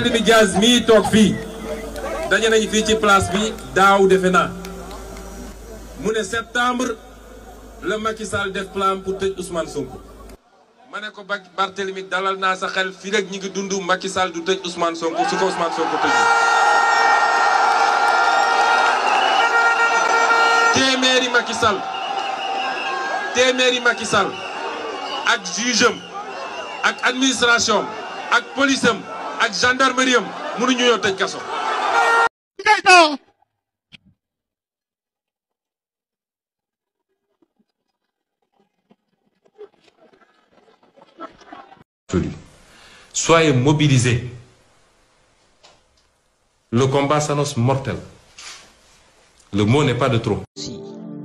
Barthélémy Dias mii toog fii daje nañu fii ci place bi daaw defe naa ne septembre la Macky Sall def pour tëj Ousmane Sonko. ma ne ko ba Barthélémy dalal naa sa xel fii rek ñi ngi dund Macky Sall du tëj Ousmane Sonko su ko Ousmane ak jugeem ak administration ak policeem ak gendarmerie am mënuñu ñoo tej kasso Soyez mobilisés. Le combat s'annonce mortel. Le mot n'est pas de trop.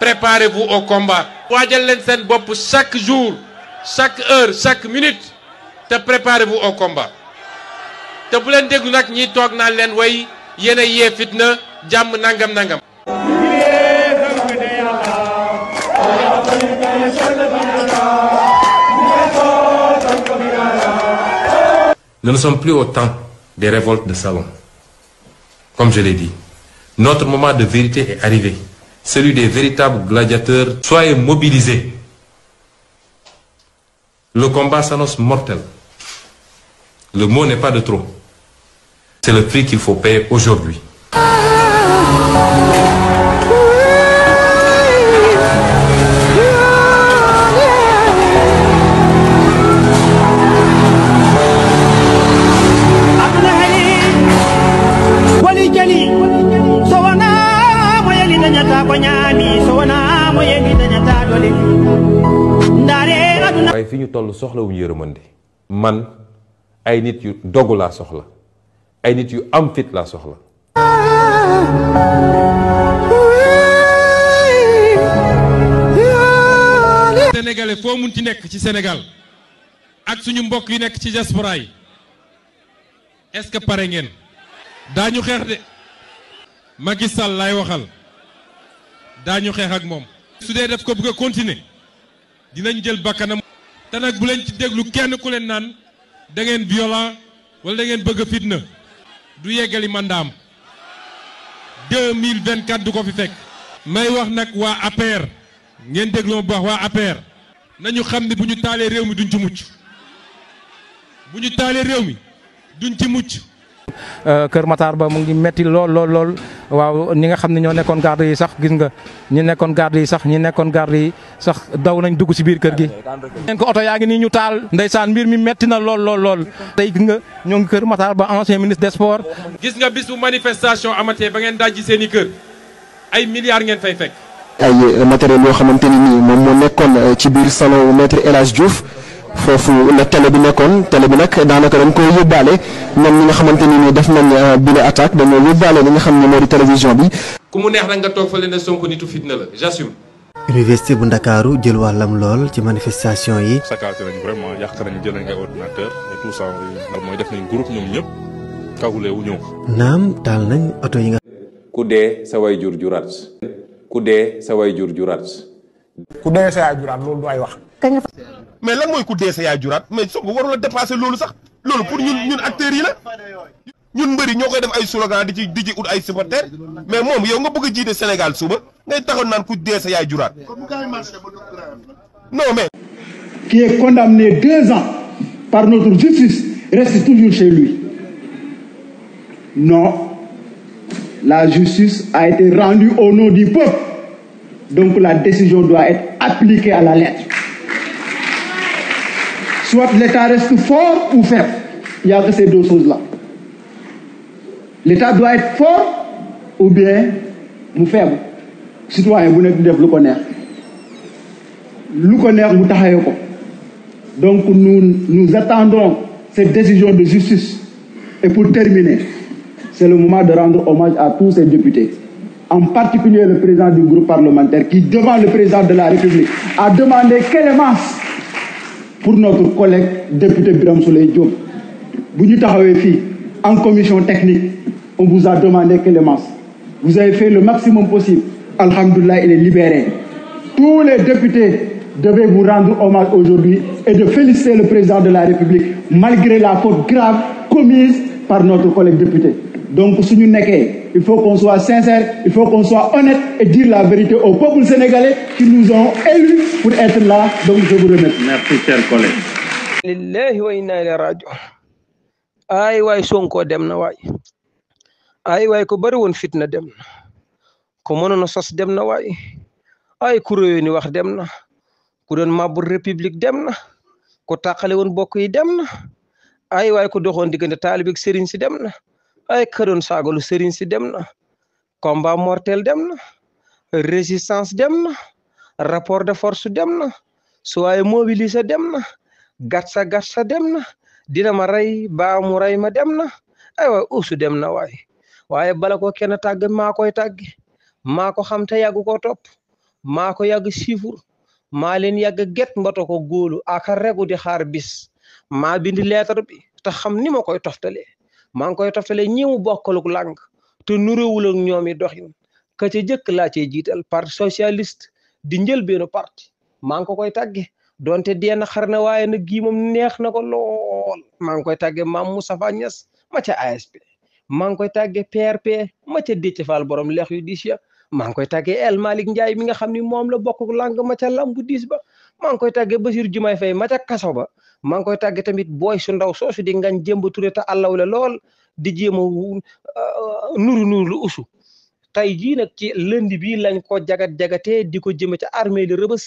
préparez-vous au combat chaque jour chaque heure chaque minute préparez-vous au combat Nous ne sommes plus au temps des révoltes de salon comme je l'ai dit. Notre moment de vérité est arrivé. Celui des véritables gladiateurs. Soyez mobilisés. Le combat s'annonce mortel. Le mot n'est pas de trop. C'est le prix qu'il faut payer aujourd'hui. ñu soxla wu yërëmande man ay nit yu dogu laa soxla ay nit yu am fit laa soxla sénégalais foo mun ci nekk ci Sénégal ak suñu mbokk yi nekk ci diaspora yi est-ce que pare ngeen daañu xeex de Macky Sall laay waxal daañu xeex ak moom su dee def ko bëgg a continuer jël bakkanam té nak bu len ci déglu kenn ku len nan da ngeen violent wala da ngeen bëgg fitna du yéggali mandam 2024 du ko fi fekk may wax nak wa APR ngeen déglu bu wax wa APR nañu xam ne réew mi duñ ci mucc buñu talé réew mi duñ ci mucc keur Matar ba mo ngi metti lol lol lol waaw ñi nga xamni ño nekkon garde yi sax gis nga ñi nekkon garde yi sax ñi nekkon garde yi sax daw nañ dugg ci biir kër gi. ñen ko auto yaangi ni ñu taal ndaysan mbir mi metti na lol lol lol tay gis nga ñoo ngi Kër Matar ba ancien ministre des sports. gis nga bis bu manifestation amate ba ngeen dajji seen keur ay milliards ngeen fay fek ay matériel yo xamanteni ni mom mo nekkon euh, ci biir salon maître elage Diouf. foofu la télé bi nekkoon télé bi nag daanaka dañ koo yóbbaale ñoom ñi nga xamante ni nii def nañ euh, bile attaque dañoo yóbbaale li nga xam ne moo di télévision bi. ku mu neex nag nga toog fële ne Sonko nitu fitna la j'assume. université bu Ndakaaru jël wàllam lool ci manifestation yi. sakaate nañ vraiment yàq nañ jël nañ ay ordinateur et tout ça mooy def nañ groupe ñoom ñëpp kawule wu ñëw. naam taal nañ oto yi nga. ku dee sa way jur juraat. ku dee sa way jur juraat. ku dee sa yaay juraat loolu du ay wax. mais lan moy ku dee sa yaay mais si warul a dépasser lolu sax lolu pour ñun ñun acteurs yi la ñun mbeuri ñokoy def ay slogan di ci di ci ay supporters mais mom yow nga bëgg a Sénégal suba ngay taxaw nan ku dee sa non mais. qui est condamné deux ans par notre justice reste toujours chez lui non la justice a été rendue au nom du peuple donc la décision doit être appliquée à la lettre l'État reste fort ou faible. Il y a que ces deux choses-là. L'État doit être fort ou bien faible. Citoyen, vous n'êtes pas le connaître. vous Donc nous, nous attendons cette décision de justice. Et pour terminer, c'est le moment de rendre hommage à tous ces députés en particulier le président du groupe parlementaire, qui, devant le président de la République, a demandé qu'elle masse pour notre collègue député Biram Soleil Diop Vous pas en commission technique on vous a demandé masques. vous avez fait le maximum possible alhamdulillah il est libéré tous les députés devaient vous rendre hommage aujourd'hui et de féliciter le président de la République malgré la faute grave commise par notre collègue député donc, si nous il faut qu'on soit sincère, il faut qu'on soit honnête et dire la vérité au peuple sénégalais qui nous ont élus pour être là. Donc, je vous remercie. Merci, cher collègue. lillahi wa inna ila rajo ay way Sonko dem na way ay way ko bari won fitna dem na ko monono sos dem na way ay ku ni wax dem na ku doon mabbu république dem na ko tàqale won bokk yi dem na ay way ko doxoon diggante taalib ak sëriñ si dem na ay ka doon saagalu sëriñ si dem na mortel dem na résistance dem na rapport de force dem na suwaay mobiliser dem na gatsa gatsa dem na dina ma rey baa mu rey ma dem na aywa usu dem na waay waaye bala ko kenn tàgg maa koy tàgge maa ko xam te ko topp maa ko yàgg siifur maa leen yàgg get mbato ko góolu aka regu di xaar bis maa bindi leetar bi ta xam ni ma koy toftalee maa ngi koy toftale ñi mu bokkaluk làng te nuréwul ak ñoom i doxin ka ca jëkk laa cee jiital parti socialiste di njëlbeenu parti maa ngi ko koy tàgge donte deen xar na waaye nag gii moom neex na ko lool maa ngi koy tàgge maam Moustapha Niass ma ca ASP maa ngi koy tàgge PRP ma ca Déthié borom leex yu diis ya maa ngi koy tàggee El Malick Ndiaye mi nga xam ni moom la bokk làng ma ca lam bu diis ba maa ngi koy tàggee ba Jumaay Fay ma ca kaso ba maa ngi koy tàggee tamit booy su ndaw soosu di ngañ jëmba ture te àllaw la lool di jéem euh, nuru nuru lu usu tey jii nag ci lëndi bii lañ ko jagat jagatee di ko jëme ca armée de rëbës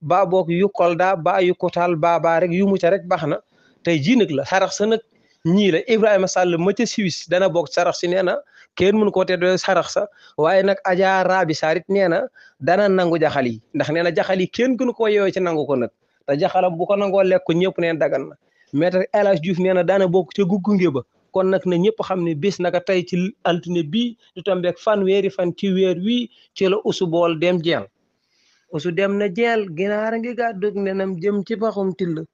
baa boog yu kolda baa yu kotaal baabaa rek yu mu rek baax na tey jii nag la sarax sa nag ñii la Ibrahima Sall ma ca Suisse dana boog sarax si nee na kenn mënu koo teddoo sarax sa waaye nag Adja Rabi Sarr it nee na dana nangu jaxal yi ndax nee na jaxal yi kenn gënu koo yeewee ci nangu ko nag te jaxalam bu ko nangoo lekk ñëpp neen dagan na maître El Hadj Diouf nee na daana bokk ca guggunge ba kon nag na ñëpp xam ne bis naka tey ci altine bii du fan fanweeri fan ci weer wi ci la usu bool dem jeel usu dem na jeel ginaar ngi gàddu nenam jëm ci paxum till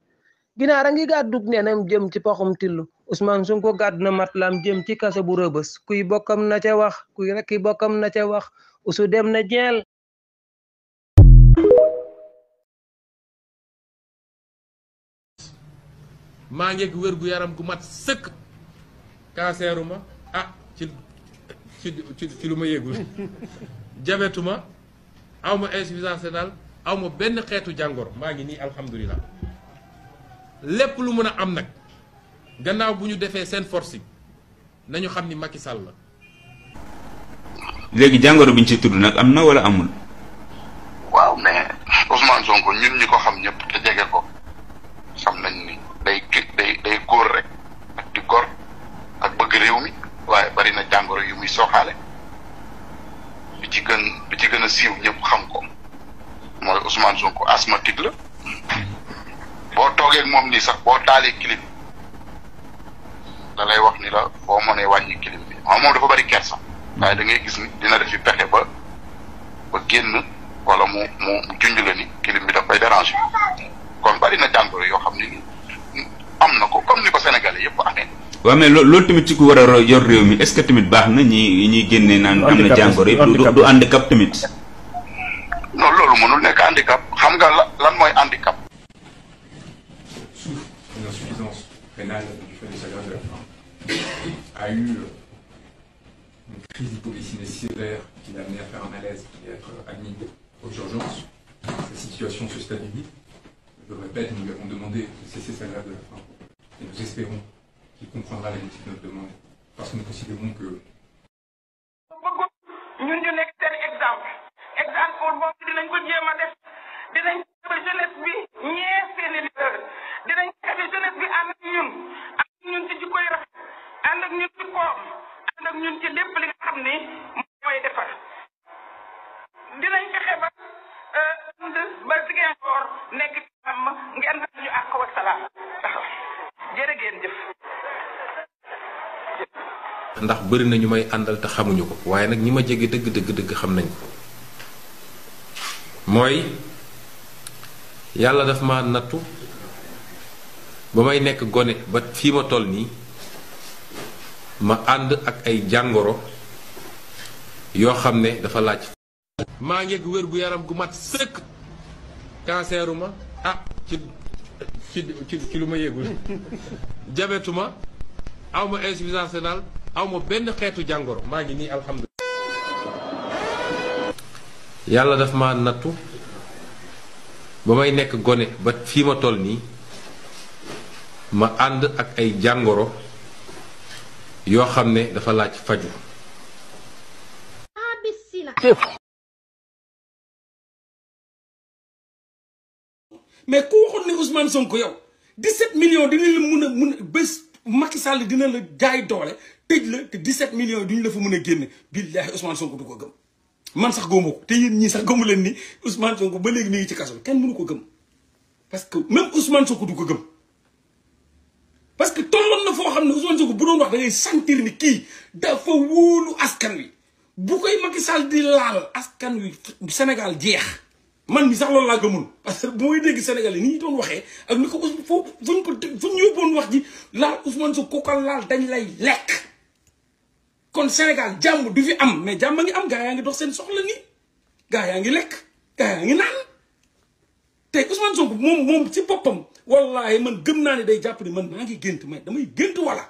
ginaar a ngi gàddug nenam jëm ci paxum tillu Ousmane Sonko gàddu na matlaam jëm ci kase bu rëbës kuy bokkam na ca wax kuy rekki bokkam na ca wax usu dem na jeel maa ngeeg wér gu yaram gu mat sëkk kaaseeruma ah ci lu ma yëgul jabetuma awma insuffisance rénale awma benn xeetu jàngoro maa ngi nii alhamdulilah lépp lu mën a am nag gannaaw bu ñu defee seen force nañu xam ni Macky Sall la. léegi jàngoro bi ñu ci tudd nag am na wala amul. waaw mais Ousmane Sonko ñun ñi ko xam ñëpp te jege ko xam nañ ni day day day góor rek ak di góor ak bëgg réew mi waaye bari na jàngoro yu muy soxaale bi ci gën bi ci gën a siiw ñépp xam ko mooy Ousmane Sonko asthmatique la. toogee mom ni sax bo talé clip dalay wax ni la bo moné wañi clip bi xam dafa bari kersa way da ngay gis ni dina def ci pexé ba ba génn wala mu mu jundula ni clip bi da fay déranger kon bari na jangoro yo xamni ni amna ko comme ni ko sénégalais yépp amé wa mais loolu tamit ci ko wara yor réew mi est ce que tamit bax na ñi ñi génné nan amna jangoro jàngoro yi du handicap tamit non lolu mënul nek handicap xam nga lan moy handicap Euh, admis aux urgences. la situation se stabilise. Je le répète, nous lui avons demandé de cesser sa grève de la faim. Et nous espérons qu'il comprendra la de notre demande, parce que nous considérons que ndax bari na ñu may andal te xamuñu ko waaye nag ñi ma jege dëgg dëgg dëgg xam nañ ko mooy yàlla daf ma nattu ba may nekk gone ba fii ma toll nii ma ànd ak ay jàngoro yoo xam ne dafa laaj maa ngeeg wér gu yaram gu mat sëkk canceruma ah ci ci ci lu ma yegul jabetuma awma insuffisance rénale awma benn xeetu jàngoro maa ngi nii alhamdulilah. yàlla daf ma nattu ba may nekk gone ba fii ma toll nii ma ànd ak ay jàngoro yoo xam ne dafa laaj faju mais ku waxoon ne Ousmane Sonko yow 17 millions dinañ la mun a mun a bés. makki Macky Sall dina la jaay doole tëj la te 17 millions duñ la fa mën a génne billaahi Ousmane Sonko du ko gëm man sax gëmu ko te yéen ñii sax gëmu leen ni Ousmane Sonko ba léegi mi ngi ci kaso kenn mënu ko gëm parce que même Ousmane Sonko du ko gëm parce que tolloon na foo xam ne Ousmane Sonko bu doon wax da ngay sentir ni kii dafa wóolu askan wi bu koy Macky Sall di laal askan wi Sénégal jeex. man mi sax loolu la gëmul parce que boy dégg sénégalais ni ñu doon waxé ak ni ko Ousmane foofu fuñ ko fuñ yóbboon wax ji la Ousmane ko laal dañ lay lek kon Sénégal jamm du fi am mais jamm nga am gaay nga dox sen soxla ni gaay nga lek gaay nga nan té Ousmane Sonko mom mom ci boppam wallahi man gëm na ni day japp ni man maa ngi gént damay gënt wala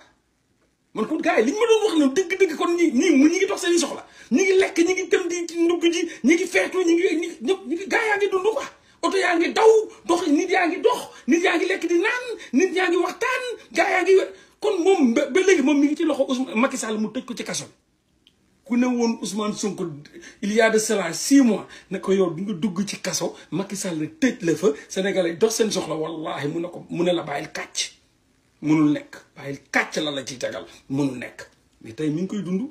man ko gaay liñ ma doon wax ni dëgg-dëgg kon ni ni mu ñi dox sen soxla ñi ngi lekk ñi ngi dem di ndugg ji ñi ngi feetu ñi ngi ñëpp gaa yaa ngi dund quoi oto yaa ngi daw dox nit yaa ngi dox nit yaa ngi lekk di naan nit yaa ngi waxtaan gaa yaa ngi kon moom ba léegi moom mi ngi ci loxo Ousmane Macky Sall mu tëj ko ci kaso ku ne woon Ousmane Sonko il y a de cela six mois ne ko yow du nga dugg ci kaso Macky Sall tëj la fa Sénégalais dox seen soxla wallahi mu ne ko mu ne la bàyyil kàcc mënul nekk bàyyil kàcc la la ci tegal munul nekk mais ngi koy dund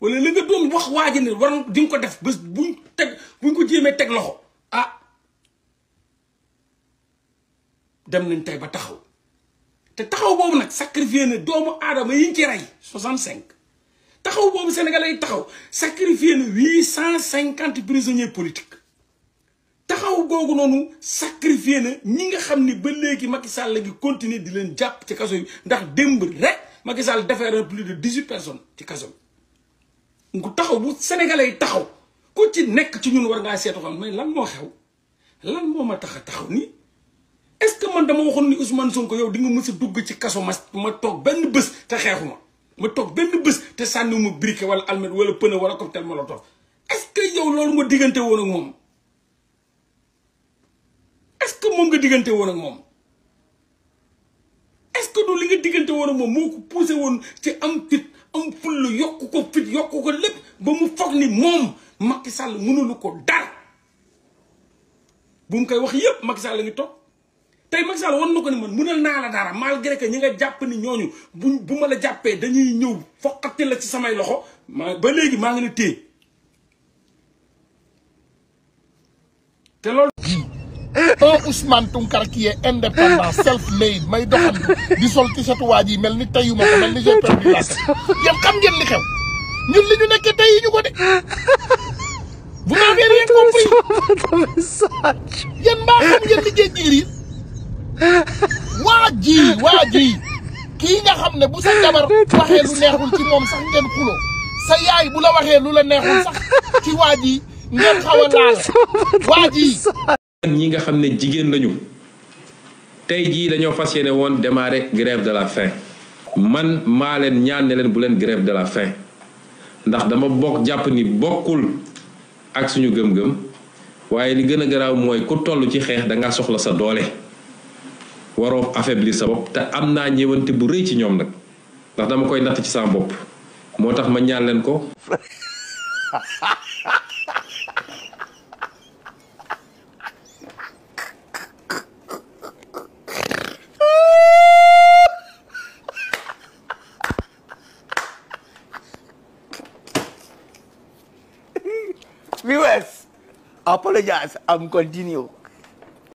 wala la nga doon wax waa ji ne war di nga ko def bu buñ teg buñ ko jéemee teg loxo ah dem nañ tey ba taxaw te taxaw boobu nag sacrifié na doomu aadama yi ñu ci rey cinq taxaw boobu sénégalais yi taxaw sacrifié na 850 prisonniers politiques taxaw googu noonu sacrifié na ñi nga xam ni ba léegi Macky Sall la ngi continuer di leen jàpp ci kaso yi ndax démb rek Macky Sall defeere na plus de 18 personnes ci kaso bi ngu taxaw bu sénégalais yi taxaw ko ci nekk ci ñun war ngaa seetu xam mais lan moo xew lan moo ma tax a taxaw nii est ce que man dama waxoon ni Ousmane Sonko yow di nga mës a dugg ci kaso ma toog benn bés te xeexu ma ma toog benn bés te sànniwuma briquet wala almet wala pneu wala cocktail molotov est ce que yow loolu nga diggante woon ak moom ce que moom nga diggante woon ak moom est ce que du li nga diggante woon ak moom moo ko poussé woon ci am fit am fulla yokk ko fit yokk ko lépp ba mu foog ni moom makki Sall mënulu ko dara bu mu koy wax yëpp Macky Sall la ngi toog tey Macky Sall wan na ko ni man mënal naa la dara malgré que ñi nga jàpp ni ñooñu bu bu ma la jàppee dañuy ñëw foqati la ci samay loxo ba léegi maa ngi ne téye te loolu un Ousmane Tounkara qui est indépendant self-made may doxantu di sol mel tayuma ko mel j'ai perdu la tête yéen ngeen li xew ñun li ñu nekkee tey ñu ko de vous n'avez rien compris yéen mbaa xam ngeen li géej jiir yi waa Sayai nga xam bu ñi nga xam ne jigéen lañu tey jii dañoo fas yéene woon démarrer grève de la faim man maa leen ñaan ne leen bu leen grève de la faim ndax dama bokk jàpp ni bokkul ak suñu gëm-gëm waaye li gën a garaaw mooy ku toll ci xeex danga soxla sa doole waroo bi sa bopp te am naa ñëwante bu rëy ci ñoom nag ndax dama koy natt ci saa bopp moo tax ma ñaal leen ko apologize and continue.